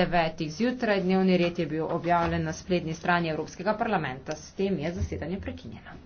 devetih zjutraj. Dnevni red je bil objavljen na spletni strani Evropskega parlamenta. S tem je zasedanje prekinjeno.